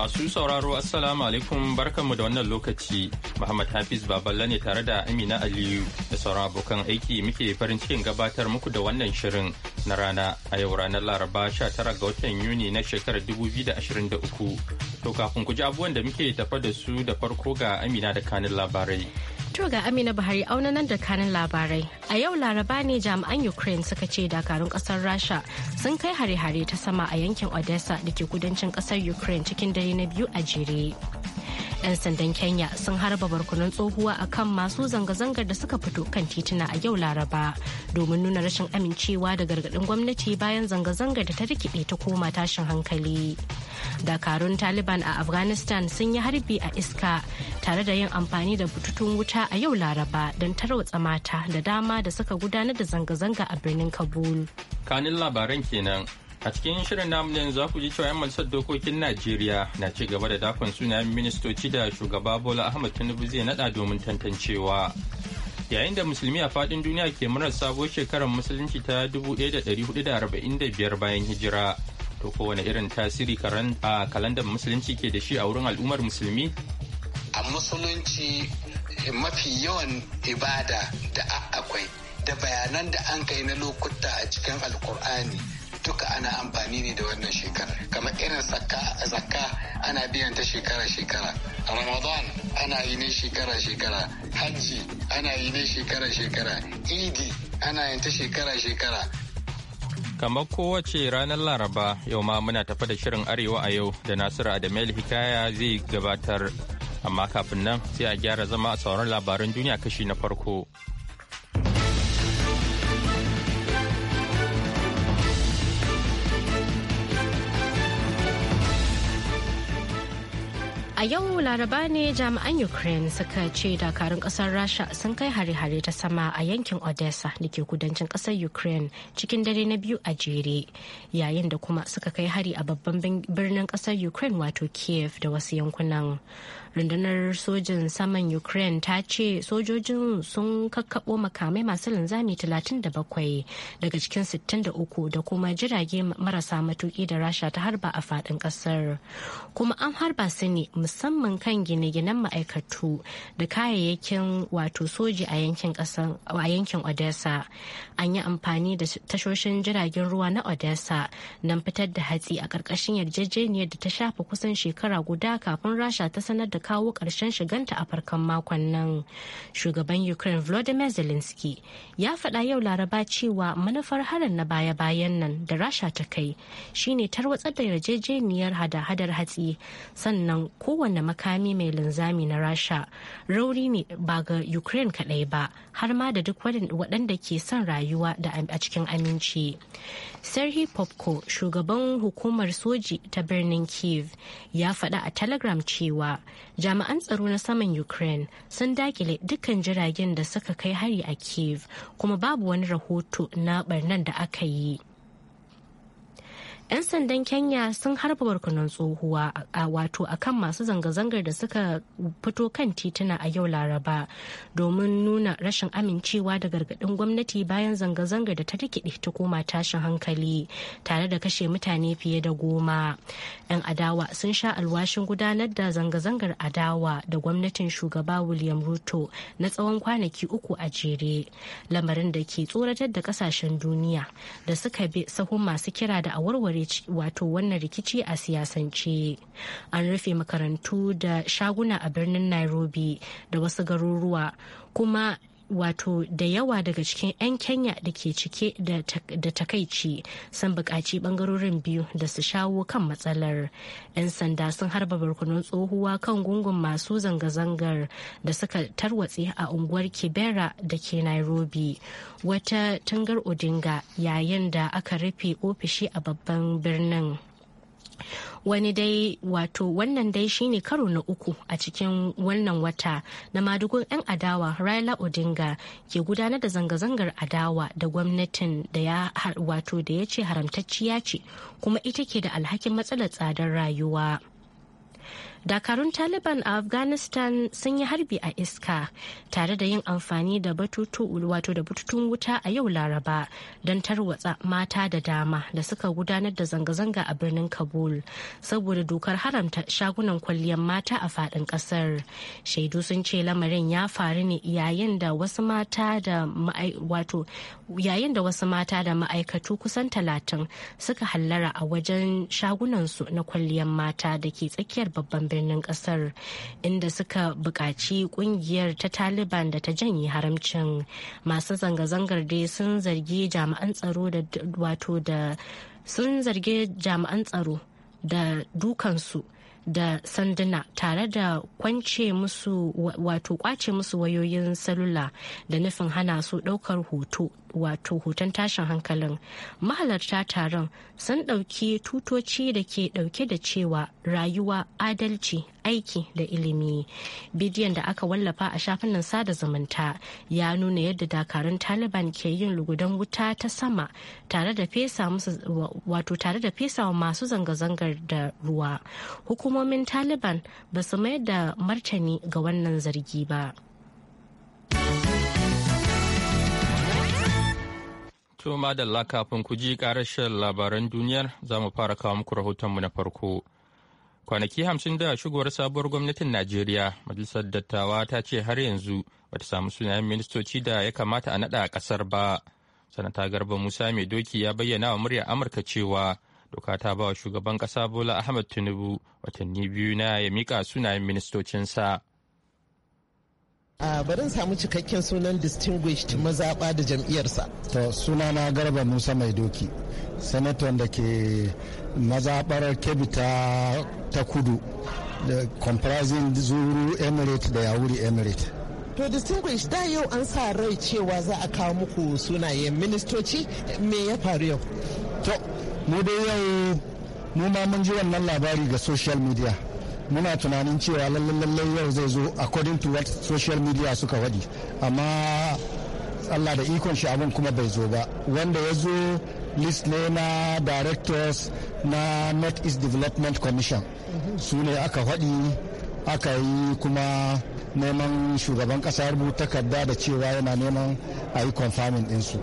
Masu sauraro Assalamu alaikum barkanmu da wannan lokaci. Muhammad Hafiz Baballe ne tare da Amina Aliyu da sauran abokan aiki muke farin cikin gabatar muku da wannan shirin na rana a yau ranar Laraba 19 ga watan Yuni na shekarar 2023. To kafin ku ji abubuwan da muke tafa da su da farko ga Amina da kanin labarai. To ga Amina Buhari auna nan da kanin labarai. A yau laraba ne jami'an Ukraine suka ce dakarun kasar Rasha sun kai hare-hare ta sama a yankin Odessa da ke kudancin kasar Ukraine cikin dare na biyu a jere. 'yan sandan kenya sun harba barkunan tsohuwa a kan masu zanga-zangar da suka fito kan tituna a yau laraba domin nuna rashin amincewa da gargaɗin gwamnati bayan zanga-zangar da ta rikide ta koma tashin hankali dakarun taliban a afghanistan sun yi harbi a iska tare da yin amfani da bututun wuta a yau laraba don tarwatsa mata da dama da suka gudanar da zanga-zanga a birnin kabul kanin labaran kenan A cikin shirin namu yanzu za ku ji cewa 'yan majalisar dokokin Najeriya na ci gaba da dakon sunayen ministoci da shugaba Bola Ahmed Tinubu zai nada domin tantancewa. Yayin da musulmi a fadin duniya ke murar sabuwar shekarar musulunci ta 1445 bayan hijira. To kowane irin tasiri a kalandar musulunci ke da shi a wurin al'ummar musulmi? A musulunci mafi yawan ibada da akwai da bayanan da an kai na lokuta a cikin alkur'ani duka ana amfani ne da wannan shekarar kamar irin zakka ana biyan ta shekara-shekara ramadan ana yi ne shekara-shekara hajji ana yi ne shekara-shekara idi ana yin ta shekara-shekara kamar kowace ranar laraba yau ma muna tafa da shirin arewa a yau da nasiru adamu hikaya zai gabatar amma kafin nan sai a gyara zama a sauran labaran duniya kashi na farko. a yau laraba ne jami'an ukraine suka ce dakarun kasar rasha sun kai hare-hare ta sama a yankin odessa da ke kudancin kasar ukraine cikin dare na biyu a jere yayin da kuma suka kai hari a babban birnin kasar ukraine wato kiev da wasu yankunan rundunar sojin saman ukraine ta ce sojojin sun kakkaɓo makamai masu linzami 37 daga cikin 63 da kuma jirage marasa matuki da rasha ta harba a fadin kasar kuma an harba su ne musamman kan gine-ginen ma'aikatu da kayayyakin wato soji a yankin odessa an yi amfani da tashoshin jiragen ruwa na odessa nan fitar da hatsi a ƙarƙashin yarjejeniyar da ta shafa kusan shekara guda kafin rasha ta sanar da kawo ƙarshen shiganta a farkon makon nan shugaban ukraine volodymyr zelensky ya faɗa yau laraba cewa manufar harin na baya-bayan nan da rasha ta kai shine tarwatsar da yarjejeniyar hada-hadar hatsi sannan kowane makami mai linzami na rasha rauri ne ba ga ukraine kaɗai ba har ma da duk waɗanda ke son rayuwa da a cikin aminci serhi popko shugaban hukumar soji ta birnin kiev ya faɗa a telegram cewa jami'an tsaro na saman ukraine sun dakile dukkan jiragen da suka kai hari a kiev kuma babu wani rahoto na barnan da aka yi 'yan sandan kenya sun harba barkunan tsohuwa a wato akan masu zanga-zangar da suka fito kan tituna a yau laraba domin nuna rashin amincewa da gargadin gwamnati bayan zanga-zangar da ta rikide ta koma tashin hankali tare da kashe mutane fiye da goma 'yan adawa sun sha alwashin gudanar da zanga-zangar adawa da gwamnatin shugaba william ruto na tsawon kwanaki uku a jere lamarin da ke tsoratar da kasashen duniya da suka bi sahun masu kira da a warware wato wannan rikici a siyasance an rufe makarantu da shaguna a birnin nairobi da wasu garuruwa kuma wato da yawa daga cikin 'yan kenya da ke cike da takaici sun bukaci bangarorin biyu da su shawo kan matsalar 'yan sanda sun harba barkunan tsohuwa kan gungun masu zanga-zangar da suka tarwatse a unguwar kibera da ke nairobi wata tangar odinga yayin da aka rufe ofishi a babban birnin wani dai wato wannan dai shine karo na uku a cikin wannan wata na madugun 'yan adawa raila odinga ke gudanar da zanga-zangar adawa da gwamnatin da ya wato da ya ce haramtacciya ce kuma ita ke da alhakin matsalar tsadar rayuwa dakarun taliban a afghanistan sun yi harbi a iska tare da yin amfani da batutu da bututun wuta a yau laraba don tarwatsa mata da dama da suka gudanar da zanga-zanga a birnin kabul saboda dokar haramta shagunan kwalliyar mata a fadin kasar shaidu sun ce lamarin ya faru ne yayin da wasu mata da yayin da wasu mata da ma'aikatu kusan talatin suka hallara a wajen shagunansu na kwalliyar mata da ke tsakiyar babban birnin kasar inda suka buƙaci kungiyar ta taliban da ta janye haramcin masu zanga-zangar dai sun zargi jami'an tsaro da wato da sun zargi jami'an tsaro da dukansu da sanduna tare da kwance musu wato kwace musu wayoyin salula da nufin hana su ɗaukar hoto wato hoton tashin hankalin mahalarta taron sun ɗauki tutoci da ke ɗauke da cewa rayuwa adalci aiki da ilimi bidiyon da aka wallafa a shafinan sada zumunta ya nuna yadda dakarun taliban ke yin lugudan wuta ta sama tare da fesa wato tare da fesa wa masu zanga-zangar da ruwa hukumomin taliban ba su mayar da martani ga wannan zargi ba. To madalla kafin ku ji karashen labaran duniyar za mu fara kawo muku rahotonmu na farko. Kwanaki hamsin da shigowar sabuwar gwamnatin Najeriya, Majalisar Dattawa ta ce har yanzu bata samu sunayen ministoci da ya kamata a naɗa a ƙasar ba. Sanata Garba Musa Mai Doki ya bayyana wa muryar Amurka cewa doka ta ba wa shugaban ƙasa Bola Ahmed Tinubu watanni biyu na ya miƙa sunayen ministocinsa. a barin samu cikakken sunan distinguished mazaɓa da jam'iyyarsa to sunana garba musa mai doki sanatan da ke mazaɓar kebita ta kudu da comprising zuru emirate da yawuri emirate to distinguished da yau an sa rai cewa za a kawo muku sunayen ministoci me ya faru yau to mu dai yau mu ma mun ji wannan labari ga social media muna tunanin cewa lallai yau zai zo according to what social media suka wadi amma allah da ikon shi abin kuma bai zo ba wanda ya zo list ne na directors na northeast development commission su ne aka faɗi aka yi kuma neman shugaban kasa rubuta takarda da cewa yana neman a yi confirming ɗinsu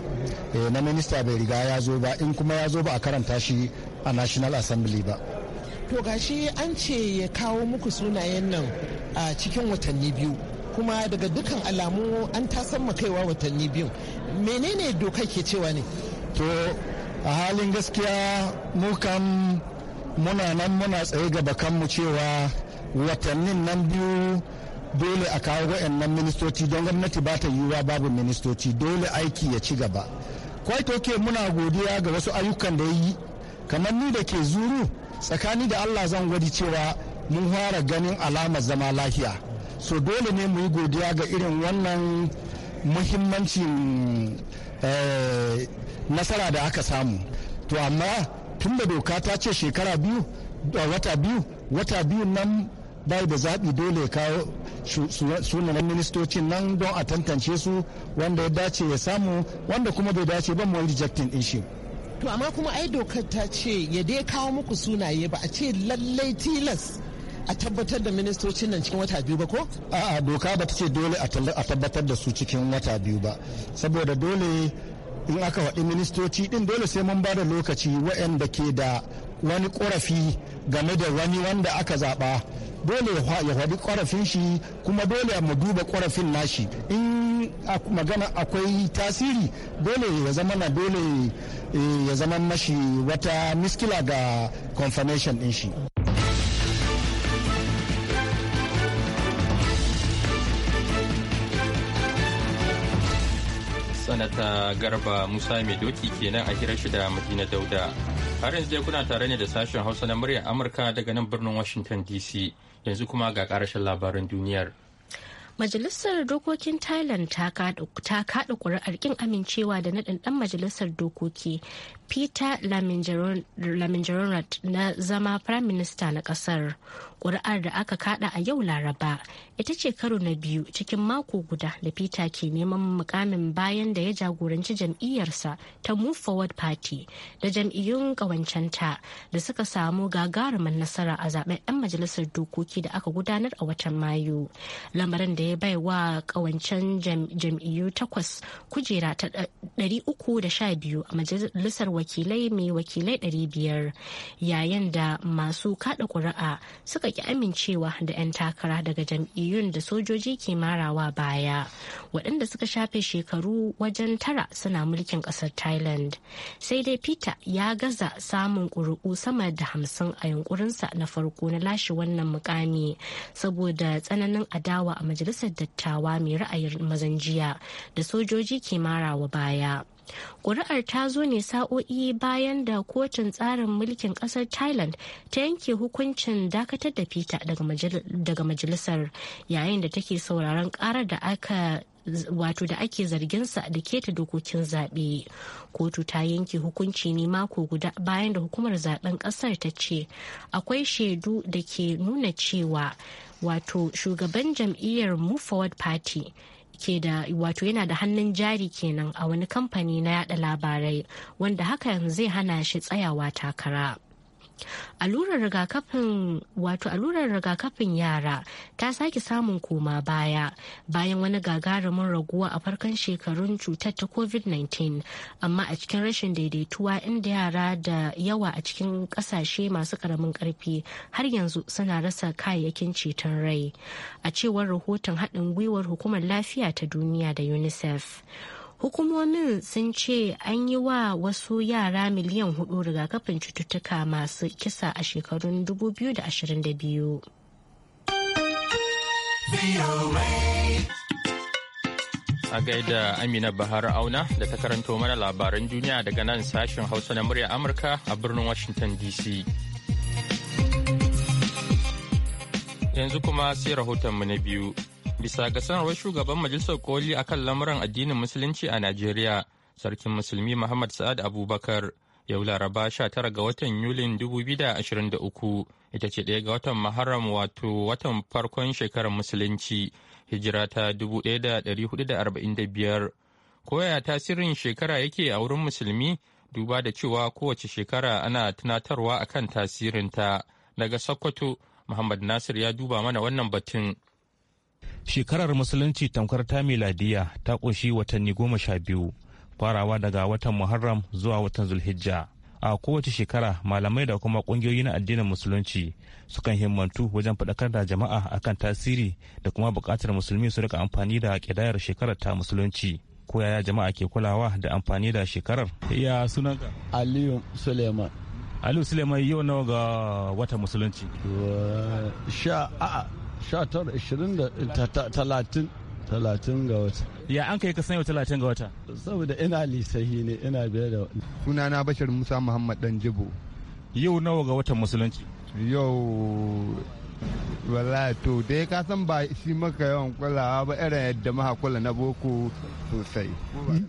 eh, na minista bai riga ya zo ba in kuma ya zo ba a karanta shi a national assembly ba to gashi an ce ya kawo muku sunayen nan a cikin watanni biyu kuma daga dukkan alamu an tasan kaiwa watanni biyu menene doka ke cewa ne to a halin gaskiya mukan muna nan muna tsaye gaba kanmu cewa watannin nan biyu dole a kawo waɗannan ministoci don gwamnati ba ta yiwuwa babu ministoci dole aiki ya ci gaba kwaito ke muna godiya ga wasu ayyukan da yi kamar ni da ke zuru tsakani da allah zan gwadi cewa mun fara ganin alamar zama lafiya so dole ne mu yi godiya ga irin wannan muhimmancin eh, nasara da aka samu to amma tun da doka ta ce shekara biyu wata biyu wata biyu nan bai da zaɓi dole ya kawo sunanan ministocin nan don a tantance su wanda ya dace ya samu wanda kuma bai dace ba mu rejecting din shi to amma kuma ai dokar ta ce ya dai kawo muku sunaye ba a ce lallai tilas a tabbatar da ministocin nan cikin wata biyu ba ko? A'a doka ba ta ce dole a tabbatar da su cikin wata biyu ba saboda dole in aka waɗi ministoci ɗin dole sai mun ba da lokaci waɗanda ke da wani korafi game da wani wanda aka zaɓa dole ya faɗi korafin shi kuma dole mu duba korafin nashi in magana akwai tasiri dole ya zama na dole eh, ya zama mashi wata miskila ga confirmation ɗin shi sanata garba musa mai doki kenan a hirar shi da madina dauda Har yanzu dai kuna tare ne da sashen Hausa na muryar Amurka daga nan birnin Washington DC. Yanzu kuma ga karashen labaran duniyar. Majalisar Dokokin Thailand ta kaɗa ƙuri'ar ƙin amincewa da naɗin ɗan majalisar dokoki Peter Laminjarorat na zama Prime Minister na ƙasar. ƙuri'ar da aka kaɗa a yau laraba ita ce karo na biyu cikin mako guda da peter ke neman mukamin bayan da ya jagoranci jam'iyyarsa ta move forward party da jam'iyyun ƙawancenta da suka samu gagarumin nasara a zaben 'yan majalisar dokoki da aka gudanar a watan mayu lamarin da ya bai wa ƙawancen jam'iyyu takwas kujera ta da 312 a majalisar wakilai mai wakilai 500 yayin da masu kaɗa ƙuri'a suka suka ki amincewa da 'yan takara daga jam'iyyun da sojoji ke marawa baya waɗanda suka shafe shekaru wajen tara suna mulkin ƙasar thailand sai dai peter ya gaza samun ƙuri'u sama da hamsin a yunkurinsa na farko na lashe wannan mukami saboda tsananin adawa a majalisar dattawa mai ra'ayin mazan jiya da sojoji ke marawa baya. Ƙuri'ar ta zo ne sa'o'i bayan da kotun tsarin mulkin ƙasar Thailand ta yanke hukuncin dakatar da Peter daga majalisar yayin da take sauraron ƙarar da aka wato da ake zarginsa da keta dokokin zaɓe kotu ta yanke hukunci ne mako guda bayan da hukumar zaben ƙasar ta ce akwai shaidu da ke nuna cewa wato shugaban jam'iyyar move forward party ke da wato yana da hannun jari kenan a wani kamfani na yada labarai wanda hakan zai hana shi tsayawa takara. alurar rigakafin allurar rigakafin yara ta sake samun koma baya bayan wani gagarumin raguwa a farkon shekarun cutar ta covid-19 amma a cikin rashin daidaituwa inda yara da yawa a cikin kasashe masu karamin karfi har yanzu suna rasa kayayyakin ceton rai a cewar rahoton haɗin gwiwar hukumar lafiya ta duniya da unicef hukumomin sun ce an yi wa wasu yara miliyan hudu rigakafin cututtuka masu kisa a shekarun 2022 a gaida amina bahar auna da ta karanto mana labaran duniya daga nan sashen hausa na murya amurka a birnin washington dc yanzu kuma sai rahotonmu na biyu Bisa ga sanarwar shugaban Majalisar Koli a kan lamuran addinin Musulunci a Najeriya, Sarkin Musulmi Muhammad Sa'ad Abubakar, yau Laraba 19 ga watan Yulin 2023 ita ce ɗaya ga watan Muharram wato watan farkon shekarar Musulunci, hijira ta 1445. Koya tasirin shekara yake a wurin Musulmi duba da cewa kowace shekara ana tunatarwa akan tasirinta. Daga Sokoto, Muhammad Nasir ya duba mana wannan batun. Shekarar Musulunci tamkar ta miladiya ta ƙunshi watanni goma sha biyu, farawa daga watan Muharram zuwa watan Zulhijja. A kowace shekara malamai da kuma ƙungiyoyi na addinin Musulunci sukan himmantu wajen faɗakar da jama'a akan tasiri da kuma buƙatar musulmi su rika amfani da ƙidayar shekarar ta Musulunci. Ko yaya jama'a ke kulawa da amfani da shekarar? Ya sunan Aliyu Suleiman. Aliyu Suleiman yau nawa ga watan Musulunci? Sha a'a 19 20 talatin talatin ga wata ya an kai ka sanya talatin ga wata saboda ina lisahi ne ina biyar da Suna na bashir musa muhammad dan jibo yau nawa ga watan musulunci yau wala to dai ka san ba shi maka yawan kulawa ba irin yadda maha kula na boko sosai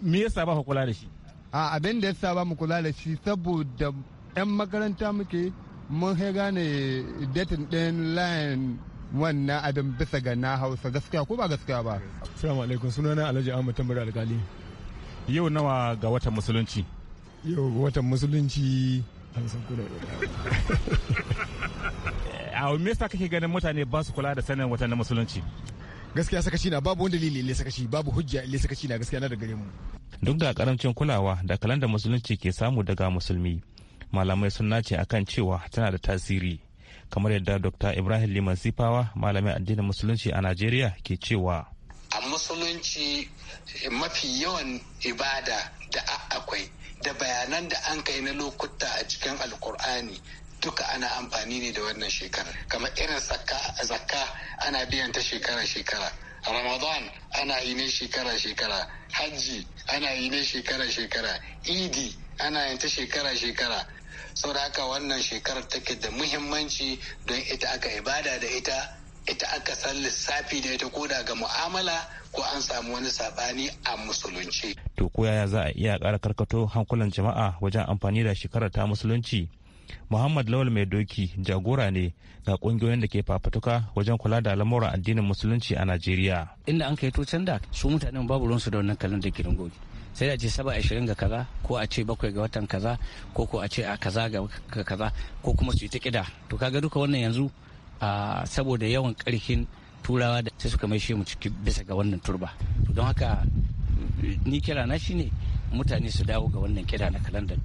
me yasa ba ka kula da shi a abin da yasa ba mu kula da shi saboda yan makaranta muke mun gane datin din layin wannan abin bisa ga na hausa gaskiya ko ba gaskiya ba salamu alaikum sunana alhaji ahmad tambar alkali yau nawa ga watan musulunci yau ga watan musulunci a me yasa kake ganin mutane ba su kula da sanin watan musulunci gaskiya sakaci na babu wanda lili ne sakaci babu hujja ne sakaci na gaskiya na da gare mu duk da karamcin kulawa da kalanda musulunci ke samu daga musulmi malamai sun nace akan cewa tana da tasiri kamar yadda dr ibrahim liman sifawa malamin addinin musulunci a najeriya ke cewa a musulunci mafi yawan ibada da akwai da bayanan da an kai na lokuta a cikin alkur'ani duka ana amfani ne da wannan shekarar kamar irin zakka ana biyan ta shekara-shekara ramadan ana yi ne shekara-shekara hajji ana yi ne shekara-shekara idi ana yin ta shekara-shekara saboda haka wannan shekarar take da muhimmanci don ita aka ibada da ita ita aka san lissafi da ita koda ga mu'amala ko an samu wani sabani a musulunci. To ko yaya za a iya ƙara karkato hankulan jama'a wajen amfani da shekarar ta musulunci? Muhammad Lawal Mai Doki jagora ne ga kungiyoyin da ke fafatuka wajen kula da lamuran addinin musulunci a Najeriya. Inda an kai to can da su mutanen babu ruwansu da wannan kalan da girin gobe. sai da ce saba ashirin ga kaza ko a ce bakwai ga watan kaza ko ko a ce a kaza ga kaza ko kuma su yi ta kida to kaga duka wannan yanzu a saboda yawan karfin turawa da sai suka mai mu ciki bisa ga wannan turba don haka ni kira na shine mutane su dawo ga wannan kira na kalandar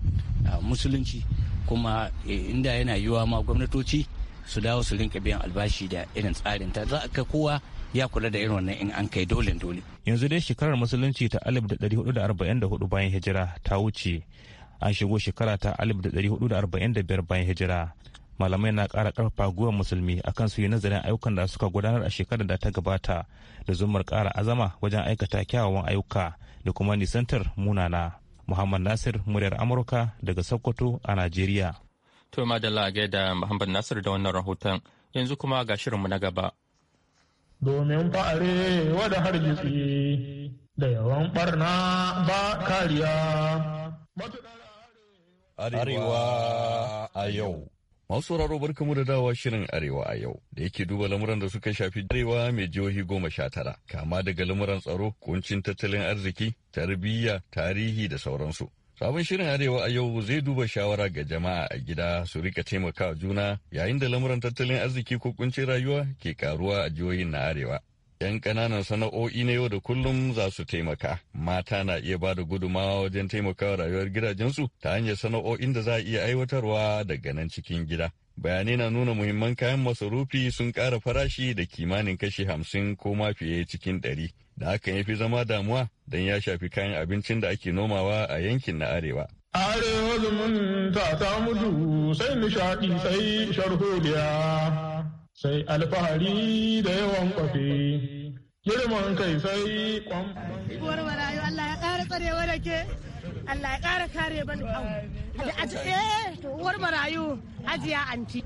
musulunci kuma eh, inda yana yiwuwa ma gwamnatoci su dawo su rinka biyan albashi da irin tsarin ta za a ka kowa ya kula da irin wannan in an kai dole dole yanzu dai shekarar musulunci ta 1444 bayan hijira ta wuce an shigo shekara ta 1445 bayan hijira malamai na ƙara ƙarfafa guwa musulmi akan su yi nazarin ayyukan da suka gudanar a shekarar da ta gabata da zumar kara azama wajen aikata kyawawan ayyuka da kuma nisantar munana muhammad nasir muryar amurka daga sokoto a najeriya to madalla da muhammad nasir da wannan rahoton yanzu kuma ga shirinmu na gaba domin fa'are har hargitsi da yawan ɓarna ba kariya. Arewa a yau Masu sauraro barkamu da dawa shirin Arewa a yau da yake duba lamuran da suka shafi Arewa mai jihohi goma sha tara kama daga lamuran tsaro, kuncin tattalin arziki, tarbiyya, tarihi da sauransu. Sabon shirin Arewa a yau zai duba shawara ga jama'a a gida su rika taimakawa juna yayin da lamuran tattalin arziki ko kuncin rayuwa ke karuwa a jihohin na Arewa. 'Yan ƙananan sana'o'i na yau da kullum za su taimaka. Mata na iya ba da gudumawa wajen taimakawa rayuwar gidajensu ta hanyar sana'o'in da za a iya aiwatarwa daga nan cikin gida. bayanai na nuna muhimman kayan masarufi sun kara farashi da kimanin kashi hamsin ko ma fiye cikin ɗari da hakan ya fi zama damuwa don ya shafi kayan abincin da ake nomawa a yankin na arewa. Arewa zumunta ta mutu sai nishaɗi sai sharholiya sai alfahari da yawan kwafe. Girman kai sai kwam. Warwara yau Allah ya ƙara tsarewa da ke. Allah ya ƙara kare bani au. Da to uwar marayu hajiya anti.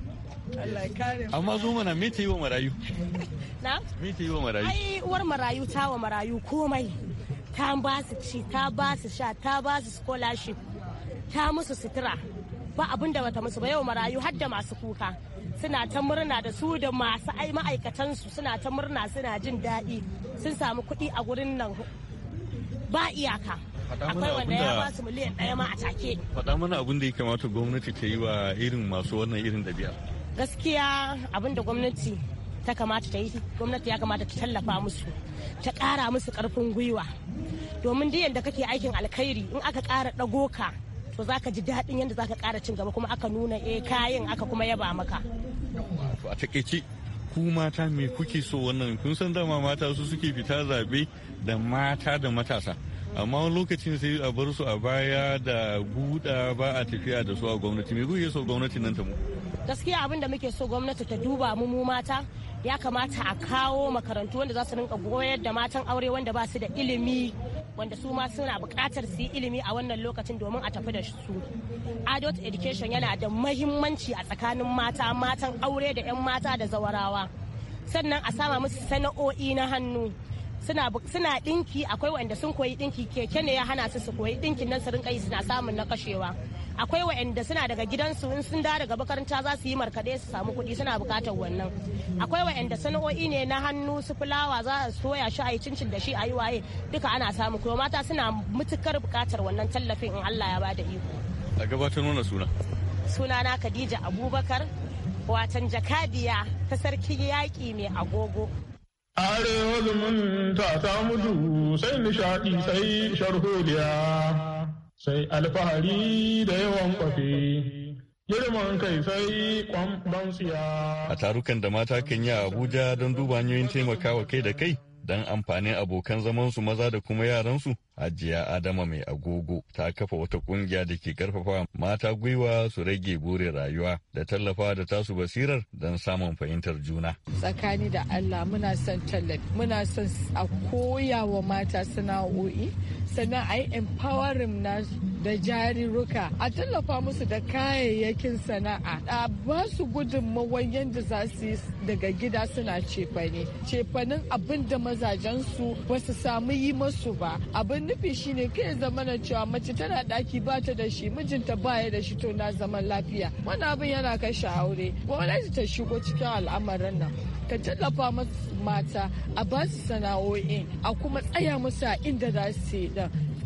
Allah ya kare mu amma zo mana me ta yi wa marayu na me ta yi wa marayu ai uwar marayu ta wa marayu komai ta ba su ci ta ba su sha ta ba su scholarship ta musu sutura ba abin da bata musu ba yau marayu hadda masu kuka suna ta murna da su da masu ai ma'aikatansu suna ta murna suna jin daɗi sun samu kuɗi a gurin nan ba iyaka akwai wanda ya ba su miliyan ɗaya ma a take faɗa mana abin da ya kamata gwamnati ta yi wa irin masu wannan irin ɗabi'a. gaskiya abin da gwamnati ta kamata ta yi gwamnati ya kamata ta tallafa musu ta kara musu karfin gwiwa domin duk yadda kake aikin alkhairi in aka kara ɗago ka to za ka ji daɗin yadda za ka kara cin gaba kuma aka nuna e kayan aka kuma yaba maka. a takaice ku mata me kuke so wannan kun san dama mata su suke fita zabe da mata da matasa amma wani lokacin sai a bar su a baya da guda ba a tafiya da su a gwamnati me kuke so gwamnati nan ta mu. gaskiya abin da muke so gwamnati ta duba mu mu mata ya kamata a kawo makarantu wanda za su rinka goyar da matan aure wanda ba su da ilimi wanda su ma suna buƙatar su yi ilimi a wannan lokacin domin a tafi da su adult education yana da mahimmanci a tsakanin mata matan aure da 'yan mata da zawarawa sannan a sama musu sana'o'i na hannu suna dinki akwai wanda sun koyi dinki keke ne ya hana su su koyi dinkin nan su rinka yi suna samun na kashewa akwai wa'anda suna daga gidansu in sun da daga makaranta za su yi markaɗe su samu kuɗi suna buƙatar wannan akwai wa'anda sana'o'i ne na hannu su fulawa za a soya shi a yi cincin da shi a yi waye duka ana samu kuma mata suna mutukar buƙatar wannan tallafin in Allah ya ba da iko a gabatar nuna suna sunana Khadija Abubakar watan jakadiya ta sarki yaki mai agogo are zumunta ta mutu sai nishaɗi sai sharholiya sai alfahari da yawan kwafi. Girman kai sai kwamban siya. A tarukan da mata kan yi a Abuja don duba hanyoyin taimakawa kai da kai don amfanin abokan zamansu maza da kuma yaransu ajiya Adama mai agogo ta kafa wata kungiya da ke karfafa mata gwiwa su rage burin rayuwa da tallafa da tasu basirar don samun fahimtar juna. Tsakani da Allah muna son tallafi, muna son a koya wa mata sana'o'i, sannan a yi empowering na da jariruka, a tallafa musu da kayayyakin sana'a, a ba su gudunmawar yadda za su yi daga gida suna cefane. Cefanin abin da mazajensu ba su samu yi masu ba, abin nufi shine kai zamana cewa mace tana daki ba ta da shi mijinta ba ya da shi to na zaman lafiya wani abin yana kai shi aure gwamnati ta shigo cikin al'amarin nan ka tallafa masu mata a basu su sana'o'in a kuma tsaya musu a inda za su yi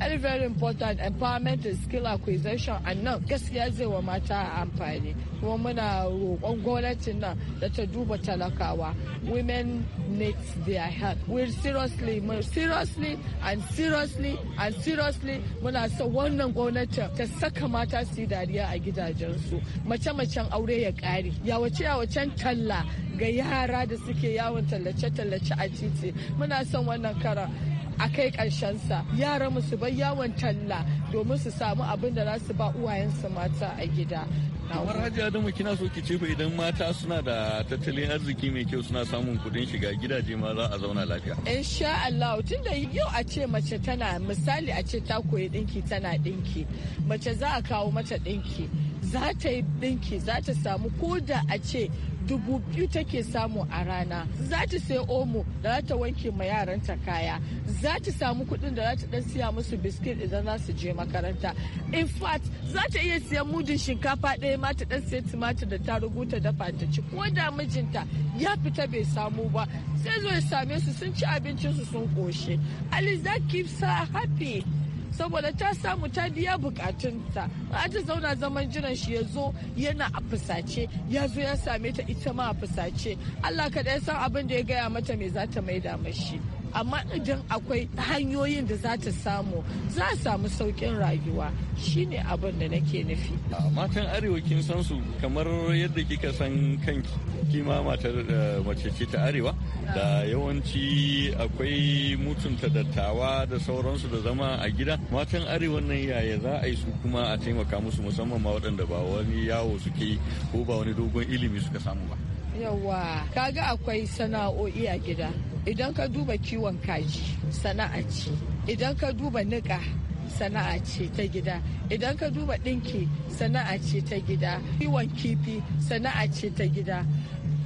very very important empowerment and skill acquisition a nan gaskiya zai wa mata amfani kuma muna roƙon gwamnatin nan da ta duba talakawa women need their help we seriously seriously and seriously and seriously muna so wannan gwamnatin ta saka mata su yi dariya a gidajensu mace-macen aure ya ƙare yawace-yawacen talla ga yara da suke yawon tallace-tallace a titi muna son wannan karan a kai ƙarshensa yaran mu su bar yawon talla domin su samu abin da za su ba uwayensu mata a gida kamar hajji adamu kina so ki ce ba idan mata suna da tattalin arziki mai kyau suna samun kudin shiga gidaje ma za a zauna lafiya insha Allah da yau a ce mace tana misali a ce ta koyi dinki tana dinki mace za a kawo mata dinki za ta yi dinki za ta samu ko da a ce dubu biyu take samu a rana za ta sai omo da za ta wanke ma yaranta kaya za ta samu kuɗin da za ta dan siya musu biskit idan za su je makaranta in fact za ta iya siyan mudin shinkafa ɗaya ma ta dan siya tumatir da ta rubuta dafa ta ci ko da mijinta ya fita bai samu ba sai zo ya same su sun ci abincin su sun ƙoshe. Ali za keeps happy. saboda ta samu ta biya bukatunta a ta zauna zaman jiran shi ya zo yana a fusace ya zo ya same ta ita ma a fusace Allah kaɗai san abin da ya gaya mata me za ta maida mashi amma idan akwai hanyoyin da za ta samu za a samu saukin rayuwa shine abin da nake nufi matan arewa kin san su kamar yadda kika san kanki kima matar eh, mace ce ta arewa da yawanci akwai mutunta dattawa da sauransu da zama a gida matan arewa nan yaya za a yi su kuma a taimaka musu musamman ma waɗanda ba wani yawo suke ko ba wani dogon ilimi suka samu ba yawa kaga akwai sana'o'i a gida idan ka duba kiwon kaji sana'a ce idan ka duba niƙa sana'a ce ta gida idan ka duba ɗinki sana'a ce ta gida kiwon kifi sana'a ce ta gida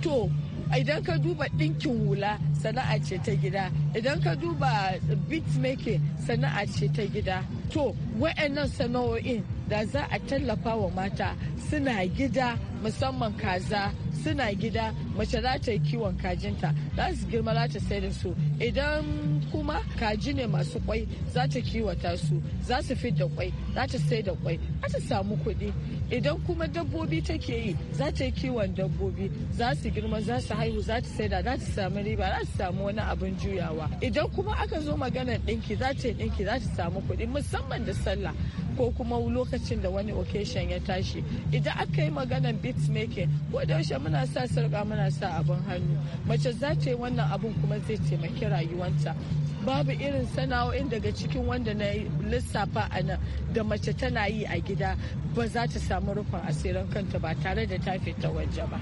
to idan ka duba ɗinkin hula sana'a ce ta gida idan ka duba beat making sana'a ce ta gida to wa'annan sana'o'in da za a tallafa wa mata suna gida musamman kaza suna gida mace za ta yi kiwon kajinta za su girma za ta sai da su idan kuma kaji ne masu kwai za ta kiwata su za su fi da kwai za ta sai da kwai za ta samu kuɗi idan kuma dabbobi take yi za ta yi kiwon dabbobi za su girma za su haihu za ta sai da za ta samu riba za ta samu wani abin juyawa idan kuma aka zo magana ɗinki za ta yi ɗinki za ta samu kuɗi musamman da sallah ko kuma lokacin da wani occasion ya tashi idan aka yi maganar beat making ko da yaushe muna sa sarka muna sa abin hannu mace za ta yi wannan abin kuma zai taimaki rayuwanta babu irin sana'o'in daga cikin wanda na lissafa a nan da mace tana yi a gida ba za ta samu rufin asirin kanta ba tare da ta fita waje ba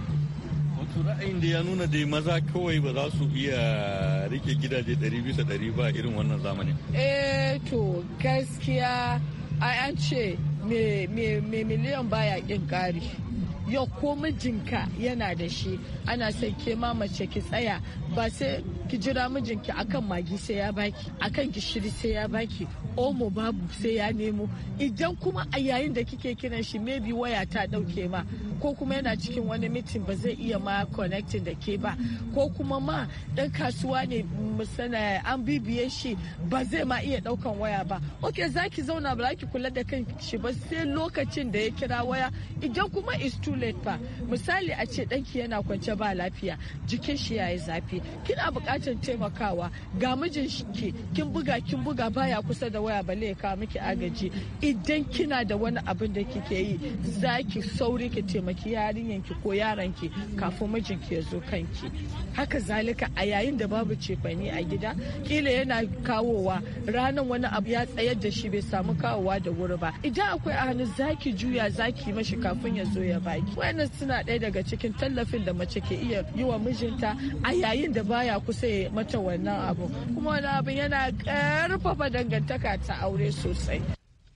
wato ra'ayin da ya nuna da maza kawai ba za su iya rike gidaje 200 bisa 100 ba irin wannan zamani. eh to gaskiya a an ce me miliyan baya kin kari yau ko mijinka yana da shi ana son ke mace ki tsaya ba sai ki jira mijinki akan magi sai ya baki akan gishiri sai ya baki omo babu sai ya nemo idan kuma a yayin da kike kiran shi maybe waya ta dauke ma ko kuma yana cikin wani mitin ba zai iya ma connecting da ke ba ko kuma ma dan kasuwa ne musana an bibiye shi ba zai ma iya daukan waya ba ok zaki zauna ba ki kula da kan shi ba sai lokacin da ya kira waya idan kuma is too late ba misali a ce danki yana kwance ba lafiya jikin shi yayi zafi kina bukatar taimakawa ga mijin ki kin buga kin buga baya kusa da waya bale ya kawo miki agaji idan kina da wani abin da kike yi zaki ki sauri ki taimaki ki ko yaranki kafin mijinki ya zo kanki haka zalika a yayin da babu cefani a gida kila yana kawowa ranan wani abu ya tsayar da shi bai samu kawowa da wuri ba idan akwai a hannu zaki juya zaki mashi kafin ya zo ya baki wannan suna ɗaya daga cikin tallafin da mace ke iya yi wa mijinta a yayin da baya kusa ya mata wannan abu kuma wani abin yana karfafa dangantaka ta aure sosai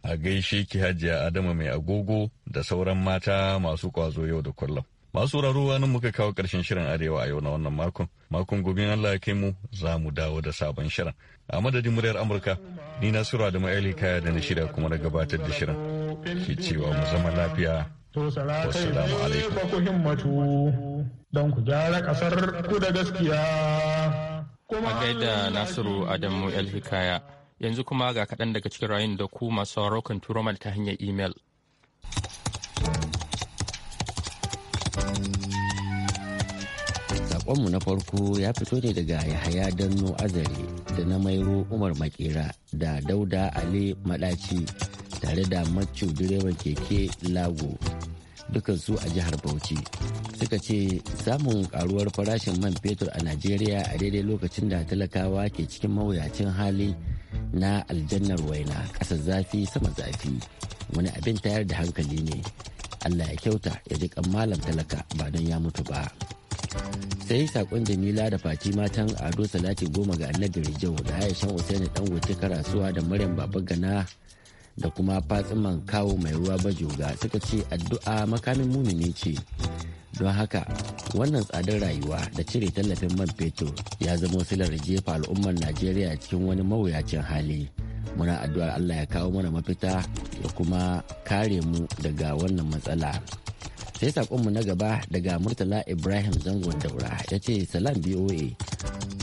a gaishe ki hajiya adama mai agogo da sauran mata masu kwazo yau da kullum masu raro nan muka kawo karshen shirin arewa a yau na wannan makon makon gobe allah ya kai mu za mu dawo da sabon shirin a madadin muryar amurka ni na sura da ma'aili kaya da na shirya kuma na gabatar da shirin ke cewa mu zama lafiya To salatai ne ba ku himmatu don ku gyara ƙasar ku da gaskiya. a gaida Nasiru Adamu El Hikaya. Yanzu kuma ga kaɗan daga cikin rayun da ku masu kan turo ta hanyar imel. Saƙonmu na farko ya fito ne daga Yahaya Danno Azare da na Mairo Umar Makera da Dauda Ali Maɗaci. tare da macu direban keke lago dukansu a jihar bauchi suka ce samun karuwar farashin man fetur a najeriya a daidai lokacin da talakawa ke cikin mawuyacin hali na aljannar waina ƙasar zafi sama zafi wani abin tayar da hankali ne allah ya kyauta ya ji malam talaka ba don ya mutu ba sai saƙon jamila da fati matan ado salati goma ga annabi rijau da aishan usaini dangote karasuwa da maryam babagana da kuma fatsiman kawo mai ruwa bajoga suka ce addu'a makamin mumini ce don haka wannan tsadar rayuwa da cire tallafin man fetur ya zama silar jefa al'ummar najeriya cikin wani mawuyacin hali muna addu'ar allah ya kawo mana mafita ya kuma kare mu daga wannan matsala sai sakonmu na gaba daga murtala ibrahim zangon daura ya ce salam boa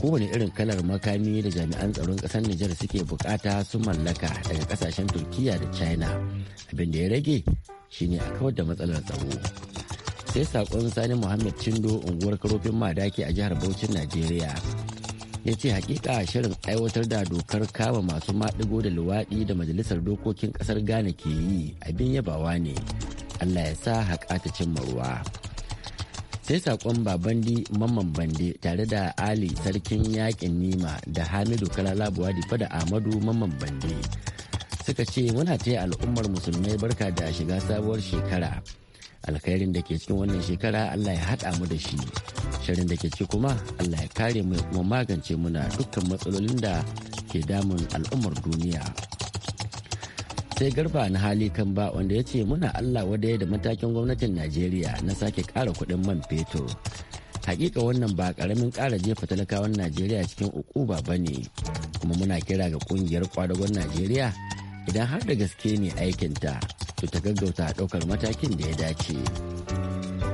kowane irin kalar makami da jami'an tsaron kasar nijar suke bukata su mallaka daga kasashen turkiya da china abin da ya rage shine a kawar da matsalar tsaro sai saƙon sani muhammad cindo unguwar karofin madaki a jihar Bauchin najeriya ya ce hakika shirin aiwatar da dokar kama masu maɗigo da luwaɗi da majalisar dokokin ƙasar ghana ke yi abin yabawa ne Allah ya sa haƙa ta cimma ruwa. Sai saƙon Babandi Mamman Bande tare da Ali Sarkin Yaƙin Nima da Hamidu Kalalabuwa Difa da Ahmadu Mamman Bande suka ce muna taya al'ummar musulmai barka da shiga sabuwar shekara. alkhairin da ke cikin wannan shekara Allah ya haɗa mu da shi shirin da ke ci kuma Allah ya kare mu kuma magance muna dukkan matsalolin da ke damun al'ummar duniya sai garba na hali kan ba wanda ya ce muna allah wadaya da matakin gwamnatin najeriya na sake kara kudin man fetur hakika wannan ba karamin kara jefa talakawan najeriya cikin ukuba ba ne kuma muna kira ga kungiyar kwadagon najeriya idan har da gaske ne aikinta to ta gaggauta daukar matakin da ya dace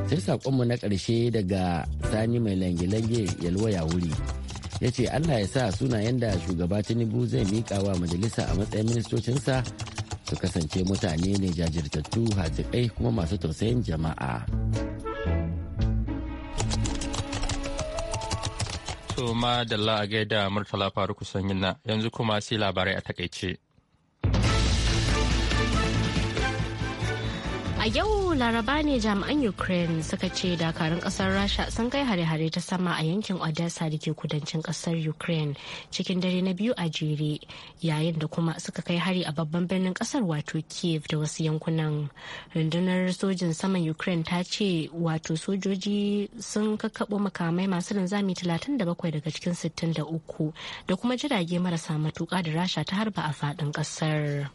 sai saƙonmu na ƙarshe daga sani mai lange-lange yalwaya wuri ya ce allah ya sa sunayen da shugaba tinubu zai miƙa wa majalisa a matsayin ministocinsa su kasance mutane ne jajirtattu hazikai kuma masu tausayin jama'a to ma da a gaida murtala faru kusan yanzu kuma sai labarai a takaice A yau laraba ne jami'an Ukraine suka ce dakarun kasar Rasha sun kai hare-hare ta sama a yankin Odessa da ke kudancin kasar Ukraine cikin dare na biyu a jere yayin da kuma suka kai hari a babban birnin kasar wato Kiev da wasu yankunan. Rundunar sojin saman Ukraine ta ce wato sojoji sun kakkaɓo makamai masu linzami 37 daga cikin 63 da kuma jirage marasa matuka da Rasha ta harba a faɗin kasar.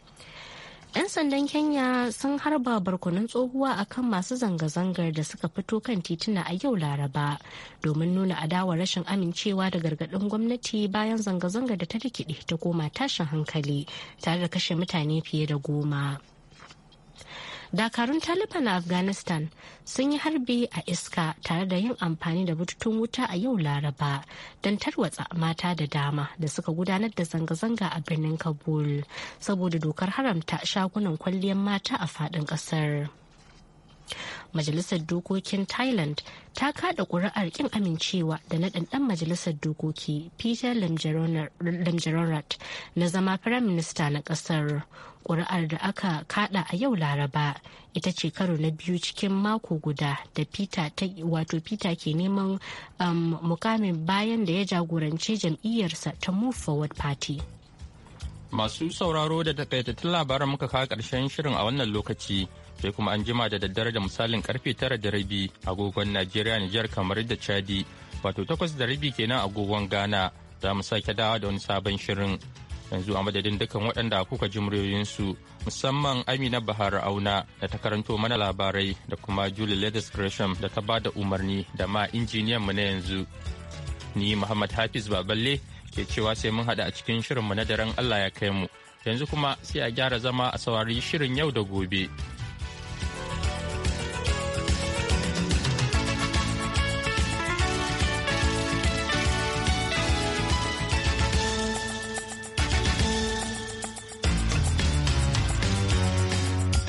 'Yan sandan Kenya sun harba barkunan tsohuwa akan masu zanga-zangar da suka fito kan tituna a yau Laraba domin nuna adawa rashin amincewa da gargaɗin gwamnati bayan zanga-zangar da ta rikide ta koma tashin hankali tare da kashe mutane fiye da goma. dakarun taliban a afghanistan sun yi harbi a iska tare da yin amfani da bututun wuta a yau laraba don tarwatsa mata da dama da suka gudanar da zanga-zanga a birnin kabul saboda dokar haramta shagunan kwalliyar mata a faɗin ƙasar. Majalisar Dokokin Thailand ta kada ƙuri'ar kin amincewa da na ɗanɗan Majalisar Dokoki Peter Lamjarorat na zama Firaminista na ƙasar. Ƙuri'ar da aka kada a yau Laraba ita ce karo na biyu cikin mako guda da Peter wato Peter ke neman um, mukamin bayan da ya jagorance jam'iyyarsa ta Move Forward Party. Masu sauraro da takaitattun labaran muka kawo ƙarshen shirin a wannan lokaci sai kuma an jima da daddare da misalin karfe tara da rabi agogon Najeriya Nijar kamar da Chadi wato takwas da rabi kenan agogon Ghana za mu sake dawa da wani sabon shirin yanzu a madadin dukkan waɗanda kuka ji muryoyinsu musamman Amina Bahar Auna da ta karanto mana labarai da kuma Julie Ladis Gresham da ta ba da umarni da ma injiniyan mu na yanzu ni Muhammad Hafiz Baballe ke cewa sai mun hada a cikin shirin mu na daren Allah ya kai mu yanzu kuma sai a gyara zama a saurari shirin yau da gobe.